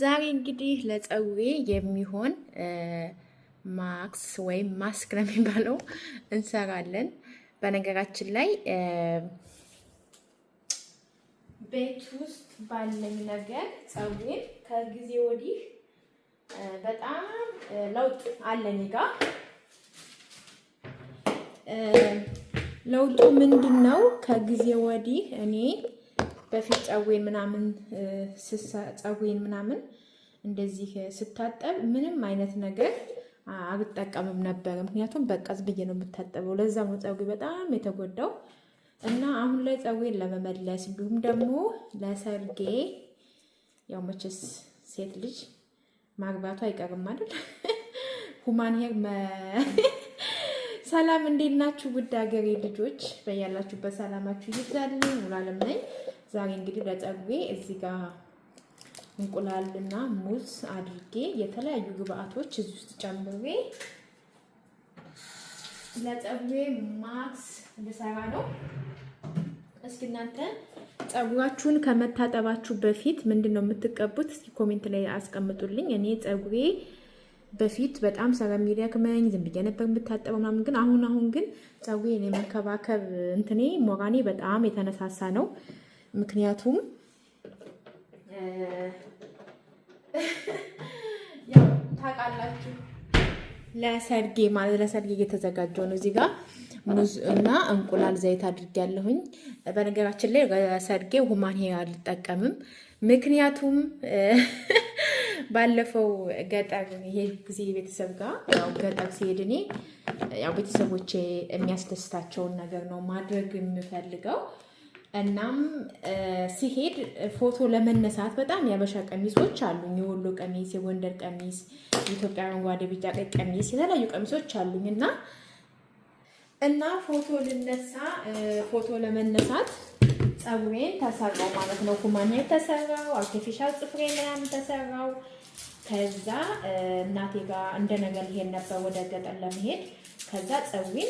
ዛሬ እንግዲህ ለፀጉሬ የሚሆን ማክስ ወይም ማስክ ነው የሚባለው እንሰራለን። በነገራችን ላይ ቤት ውስጥ ባለኝ ነገር ፀጉሬን ከጊዜ ወዲህ በጣም ለውጥ አለኝ ጋ። ለውጡ ምንድን ነው? ከጊዜ ወዲህ እኔ በፊት ጸጉሬን ምናምን ጸጉሬን ምናምን እንደዚህ ስታጠብ ምንም አይነት ነገር አልጠቀምም ነበር። ምክንያቱም በቀስ ብዬ ነው የምታጠበው። ለዛ ነው ጸጉሬ በጣም የተጎዳው እና አሁን ላይ ጸጉሬን ለመመለስ እንዲሁም ደግሞ ለሰርጌ ያው መቼስ ሴት ልጅ ማግባቱ አይቀርም አይደል? ሁማን ሄር ሰላም፣ እንዴት ናችሁ? ውድ ሀገሬ ልጆች በያላችሁበት ሰላማችሁ ይብዛልኝ። ሙሉዓለም ነኝ። ዛሬ እንግዲህ ለፀጉሬ እዚህ ጋር እንቁላልና ሙዝ አድርጌ የተለያዩ ግብአቶች እዚህ ውስጥ ጨምሬ ለፀጉሬ ማክስ ልሰራ ነው። እስኪ እናንተ ፀጉራችሁን ከመታጠባችሁ በፊት ምንድን ነው የምትቀቡት? እስኪ ኮሜንት ላይ አስቀምጡልኝ። እኔ ፀጉሬ በፊት በጣም ሰረሚሊያክመኝ ዝም ብዬ ነበር የምታጠበው ምናምን፣ ግን አሁን አሁን ግን ፀጉሬን የመንከባከብ እንትኔ ሞራኔ በጣም የተነሳሳ ነው። ምክንያቱም ያው ታውቃላችሁ ለሰርጌ ማለት ለሰርጌ እየተዘጋጀው ነው። እዚህ ጋር ሙዝ እና እንቁላል ዘይት አድርጌያለሁኝ። በነገራችን ላይ ሰርጌ ሁማን ሄር አልጠቀምም። ምክንያቱም ባለፈው ገጠር ይሄ ጊዜ ቤተሰብ ጋር ያው ገጠር ሲሄድ እኔ ያው ቤተሰቦቼ የሚያስደስታቸውን ነገር ነው ማድረግ የምፈልገው እናም ሲሄድ ፎቶ ለመነሳት በጣም ያበሻ ቀሚሶች አሉኝ። የወሎ ቀሚስ፣ የጎንደር ቀሚስ፣ የኢትዮጵያ አረንጓዴ፣ ቢጫ፣ ቀይ ቀሚስ የተለያዩ ቀሚሶች አሉኝ እና እና ፎቶ ልነሳ ፎቶ ለመነሳት ፀጉሬን ተሰራው ማለት ነው። ኩማኔ ተሰራው፣ አርቲፊሻል ጽፍሬ ምናምን ተሰራው። ከዛ እናቴ ጋር እንደነገር ይሄን ነበር ወደ ገጠር ለመሄድ ከዛ ፀዊን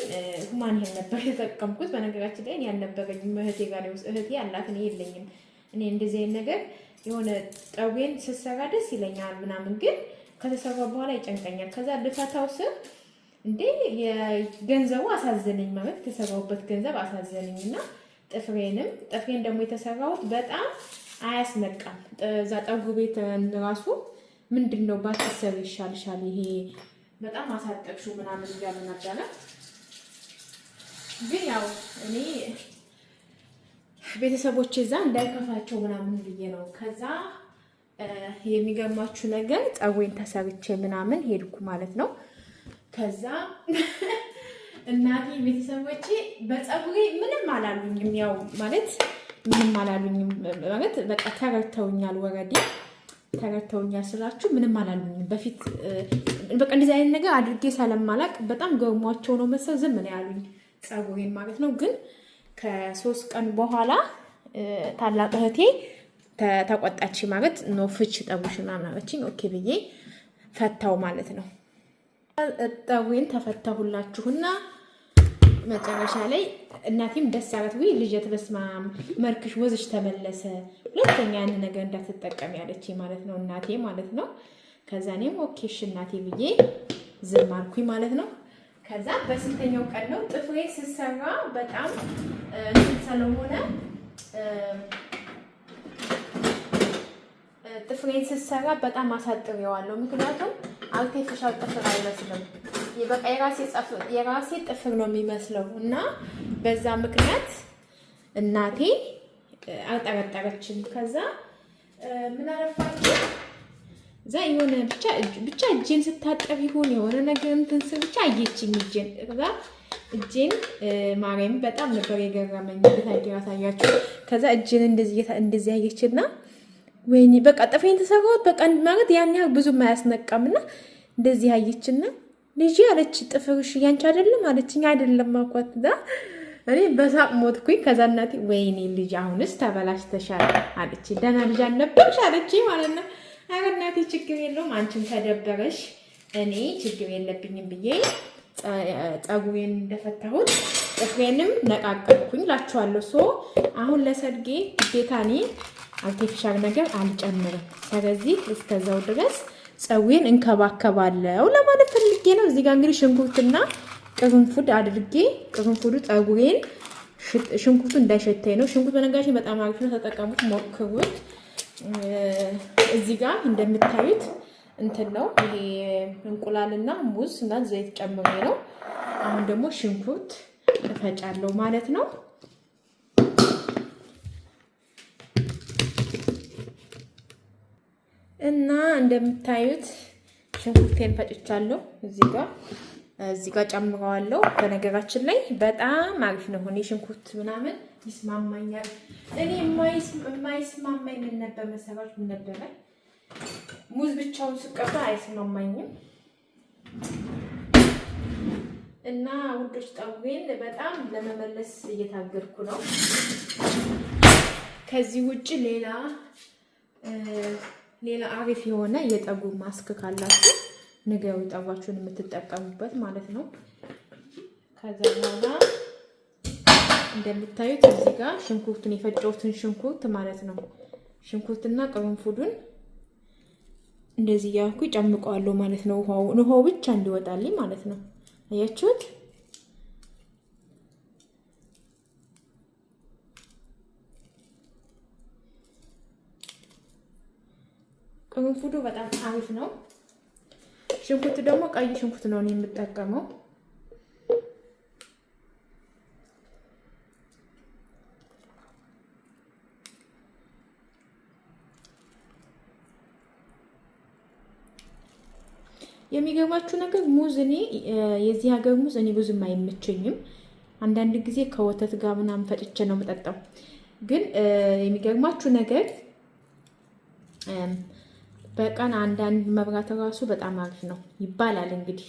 ሁማን ይሄን ነበር የጠቀምኩት። በነገራችን ላይ ያልነበረኝም እህቴ ጋር ውስጥ እህቴ ያላት እኔ የለኝም። እኔ እንደዚህ አይነት ነገር የሆነ ጠዌን ስሰራ ደስ ይለኛል ምናምን፣ ግን ከተሰራ በኋላ ይጨንቀኛል። ከዛ ልፈታው ስር እንዴ የገንዘቡ አሳዘነኝ ማለት የተሰራውበት ገንዘብ አሳዘነኝ እና ጥፍሬንም ጥፍሬን ደግሞ የተሰራሁት በጣም አያስነቃም። እዛ ጠጉር ቤት ራሱ ምንድን ነው ባትሰሪ ይሻልሻል ይሄ በጣም አሳጠቅሹ ምናምን እያሉ ነበረ። ግን ያው እኔ ቤተሰቦች እዛ እንዳይከፋቸው ምናምን ብዬ ነው። ከዛ የሚገርማችሁ ነገር ጸጉሬን ተሰርቼ ምናምን ሄድኩ ማለት ነው። ከዛ እናቴ ቤተሰቦቼ በጸጉሬ ምንም አላሉኝም፣ ያው ማለት ምንም አላሉኝም ማለት በቃ ተረድተውኛል ወረዴ ተረድተውኛል ስላችሁ ምንም አላሉኝም። በፊት በቃ እንደዚህ አይነት ነገር አድርጌ ሳለማላቅ በጣም ገርሟቸው ነው መሰል ዝም ነው ያሉኝ፣ ጸጉሬን ማለት ነው። ግን ከሶስት ቀን በኋላ ታላቅ እህቴ ተቆጣች ማለት ነው። ፍች ጠጉሽ ምናምን አለችኝ። ኦኬ ብዬ ፈታው ማለት ነው። ጠጉሬን ተፈታሁላችሁና መጨረሻ ላይ እናቴም ደስ አላት። ወይ ልጄ በስመ መርክሽ ወዝሽ ተመለሰ ሁለተኛ ያን ነገር እንዳትጠቀም ያለች ማለት ነው እናቴ ማለት ነው። ከዛ እኔም ኦኬ እሺ እናቴ ብዬ ዝም አልኩኝ ማለት ነው። ከዛ በስንተኛው ቀን ነው ጥፍሬ ስሰራ በጣም ስለሆነ ጥፍሬን ስሰራ በጣም አሳጥሬዋለሁ። ምክንያቱም አርቴፊሻል ጥፍር አይመስልም፣ በቃ የራሴ ጥፍር ነው የሚመስለው እና በዛ ምክንያት እናቴ አጠበጠበችን። ከዛ ምን አረፋችሁ እዛ የሆነ ብቻ ብቻ እጄን ስታጠብ ይሁን የሆነ ነገር እንትን ስል ብቻ አየችኝ እጄን ከዛ እጄን ማርያም በጣም ነበር የገረመኝ። ቤታዬ አሳያችሁ። ከዛ እጄን እንደዚህ እንደዚህ አየችና ወይኔ በቃ ጥፍሬን ተሰራሁት በቃ ማለት ያን ያህል ብዙም አያስነቃምና እንደዚህ አየችና ልጅ አለች ጥፍርሽ ያንቺ አይደለም አለችኝ። አይደለም ዛ እኔ በሳቅ ሞትኩኝ። ከዛ እናቴ ወይኔ ልጅ አሁንስ ተበላሽተሻል አለች። ደህና ልጅ አልነበርሽ አለች ማለት ነው። ኧረ እናቴ ችግር የለውም አንቺም ተደበረሽ፣ እኔ ችግር የለብኝም ብዬ ጸጉሬን እንደፈታሁት ጥፍሬንም ነቃቀልኩኝ ላችኋለሁ። ሶ አሁን ለሰርጌ ግዴታ እኔ አርቴፊሻል ነገር አልጨምርም። ስለዚህ እስከዛው ድረስ ጸጉሬን እንከባከባለው ለማለት ፈልጌ ነው። እዚህ ጋር እንግዲህ ሽንኩርትና ቅርንፉድ አድርጌ ቅርንፉዱ ፀጉሬን ሽንኩርቱ እንዳይሸተኝ ነው። ሽንኩርት በነጋሽ በጣም አሪፍ ነው፣ ተጠቀሙት፣ ሞክሩት። እዚህ ጋር እንደምታዩት እንትን ነው ይሄ እንቁላልና ሙዝ እና ዘይት ጨምሬ ነው። አሁን ደግሞ ሽንኩርት እፈጫለሁ ማለት ነው። እና እንደምታዩት ሽንኩርቴን ፈጭቻለሁ እዚህ ጋር እዚህ ጋር ጨምረዋለሁ። በነገራችን ላይ በጣም አሪፍ ነው። ሆኔ ሽንኩርት ምናምን ይስማማኛል። እኔ የማይስማማኝ ምን ነበር መሰራት ምን ነበረ ሙዝ ብቻውን ስቀባ አይስማማኝም። እና ውዶች ጠጉሬን በጣም ለመመለስ እየታገድኩ ነው። ከዚህ ውጭ ሌላ ሌላ አሪፍ የሆነ የጠጉር ማስክ ካላችሁ ንገው ጠዋችሁን የምትጠቀሙበት ማለት ነው። ከዛ በኋላ እንደምታዩት እዚህ ጋር ሽንኩርቱን የፈጨሁትን ሽንኩርት ማለት ነው። ሽንኩርትና ቅርንፉዱን እንደዚህ እያልኩ ጨምቀዋለሁ ማለት ነው። ውሃው ብቻ እንዲወጣልኝ ማለት ነው። አያችሁት? ቅርንፉዱ በጣም አሪፍ ነው። ሽንኩርት ደግሞ ቀይ ሽንኩርት ነው የምጠቀመው። የሚገባችሁ ነገር ሙዝ እኔ የዚህ ሀገር ሙዝ እኔ ብዙም አይመቸኝም። አንዳንድ ጊዜ ከወተት ጋር ምናምን ፈጭቼ ነው የምጠጣው። ግን የሚገርማችሁ ነገር በቀን አንዳንድ መብራት ራሱ በጣም አሪፍ ነው ይባላል እንግዲህ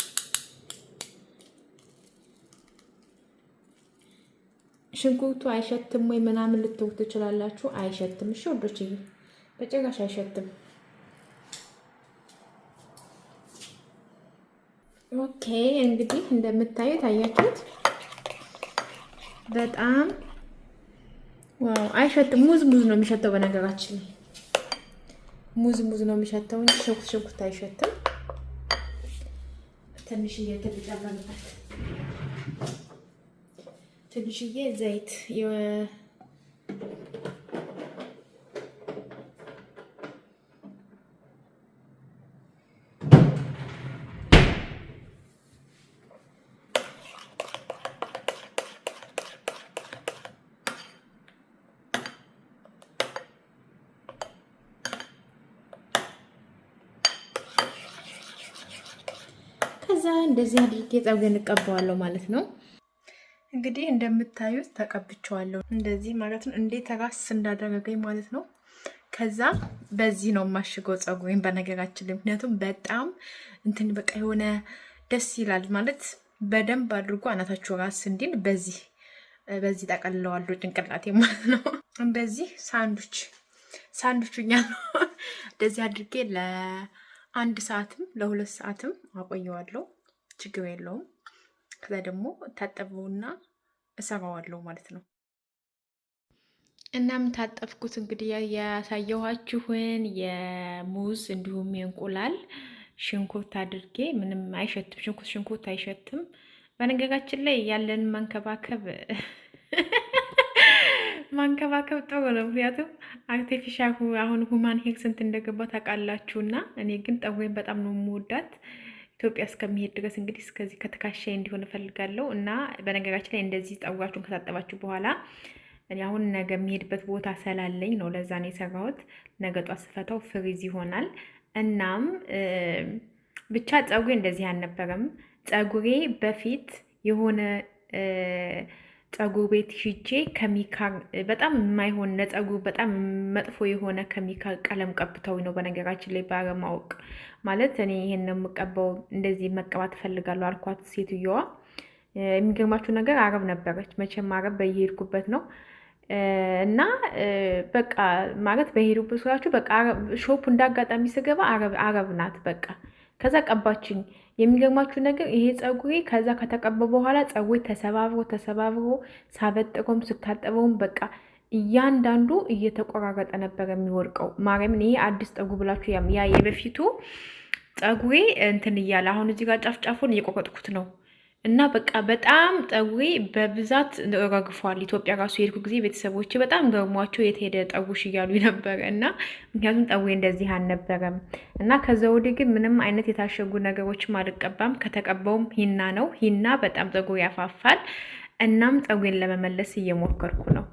ሽንኩርቱ አይሸትም ወይ ምናምን ልትው ትችላላችሁ። አይሸትም። እሺ ወዶች ይሄ በጭራሽ አይሸትም። ኦኬ እንግዲህ እንደምታዩት አያችሁት፣ በጣም ዋው አይሸትም። ሙዝ ሙዝ ነው የሚሸተው በነገራችን ሙዝ ሙዝ ነው የሚሸተው እንጂ ሽንኩርት ሽንኩርት አይሸትም። ትንሽዬ ትጨምርበት ትንሽዬ ዘይት ከዛ እንደዚህ አድርጌ ጸጉሬን እቀባዋለሁ ማለት ነው። እንግዲህ እንደምታዩት ተቀብቸዋለሁ እንደዚህ ማለት ነው። እንዴት ራስ እንዳደረገኝ ማለት ነው። ከዛ በዚህ ነው የማሽገው ጸጉሬን በነገራችን ላይ ምክንያቱም በጣም እንትን በቃ የሆነ ደስ ይላል ማለት በደንብ አድርጎ አናታችሁ ራስ እንዲል በዚህ በዚህ ጠቀልለዋለሁ ጭንቅላቴ ማለት ነው። በዚህ ሳንዱች ሳንዱችኛ ነው እንደዚህ አድርጌ ለአንድ ሰዓትም ለሁለት ሰዓትም አቆየዋለሁ። ችግር የለውም። ከዛ ደግሞ ታጠበውና እሰራዋለሁ ማለት ነው። እናም ታጠብኩት እንግዲህ ያሳየኋችሁን የሙዝ እንዲሁም የእንቁላል ሽንኩርት አድርጌ ምንም አይሸትም። ሽንኩርት ሽንኩርት አይሸትም። በነገራችን ላይ ያለን ማንከባከብ ማንከባከብ ጥሩ ነው። ምክንያቱም አርቴፊሻል አሁን ሁማን ሄር ስንት እንደገባ ታውቃላችሁ። እና እኔ ግን ጠጉሬን በጣም ነው የምወዳት ኢትዮጵያ እስከሚሄድ ድረስ እንግዲህ እስከዚህ ከትካሻ እንዲሆን እፈልጋለሁ እና በነገራችን ላይ እንደዚህ ጠጉራችሁን ከታጠባችሁ በኋላ አሁን ነገ የሚሄድበት ቦታ ስላለኝ ነው፣ ለዛ ነው የሰራሁት። ነገ ጧት ስፈታው ፍሪዝ ይሆናል። እናም ብቻ ፀጉሬ እንደዚህ አልነበረም። ፀጉሬ በፊት የሆነ ጸጉር ቤት ሂጄ ከሚካር በጣም የማይሆን ለጸጉር በጣም መጥፎ የሆነ ከሚካር ቀለም ቀብተው ነው። በነገራችን ላይ ባለማወቅ ማለት እኔ ይሄን ነው የምቀባው፣ እንደዚህ መቀባት እፈልጋለሁ አልኳት። ሴትዮዋ የሚገርማችሁ ነገር አረብ ነበረች። መቼም አረብ በየሄድኩበት ነው እና በቃ ማለት በሄዱበት ስራችሁ በቃ ሾፕ እንዳጋጣሚ ስገባ አረብ ናት። በቃ ከዛ ቀባችኝ። የሚገርማችሁ ነገር ይሄ ፀጉሬ ከዛ ከተቀባ በኋላ ፀጉሬ ተሰባብሮ ተሰባብሮ ሳበጥረውም ስታጠበውም በቃ እያንዳንዱ እየተቆራረጠ ነበር የሚወድቀው። ማርያምን ይሄ አዲስ ፀጉር ብላችሁ ያ የበፊቱ ፀጉሬ እንትን እያለ አሁን እዚህ ጋር ጫፍ እየቆረጥኩት ነው። እና በቃ በጣም ጠዊ በብዛት ረግፏል። ኢትዮጵያ ራሱ የሄድኩ ጊዜ ቤተሰቦች በጣም ገርሟቸው የተሄደ ጠጉሽ እያሉ ነበረ። እና ምክንያቱም ጠዊ እንደዚህ አልነበረም። እና ከዛ ወዲህ ግን ምንም አይነት የታሸጉ ነገሮችም አልቀባም። ከተቀባውም ሂና ነው። ሂና በጣም ጠጉሬ ያፋፋል። እናም ጠዊን ለመመለስ እየሞከርኩ ነው።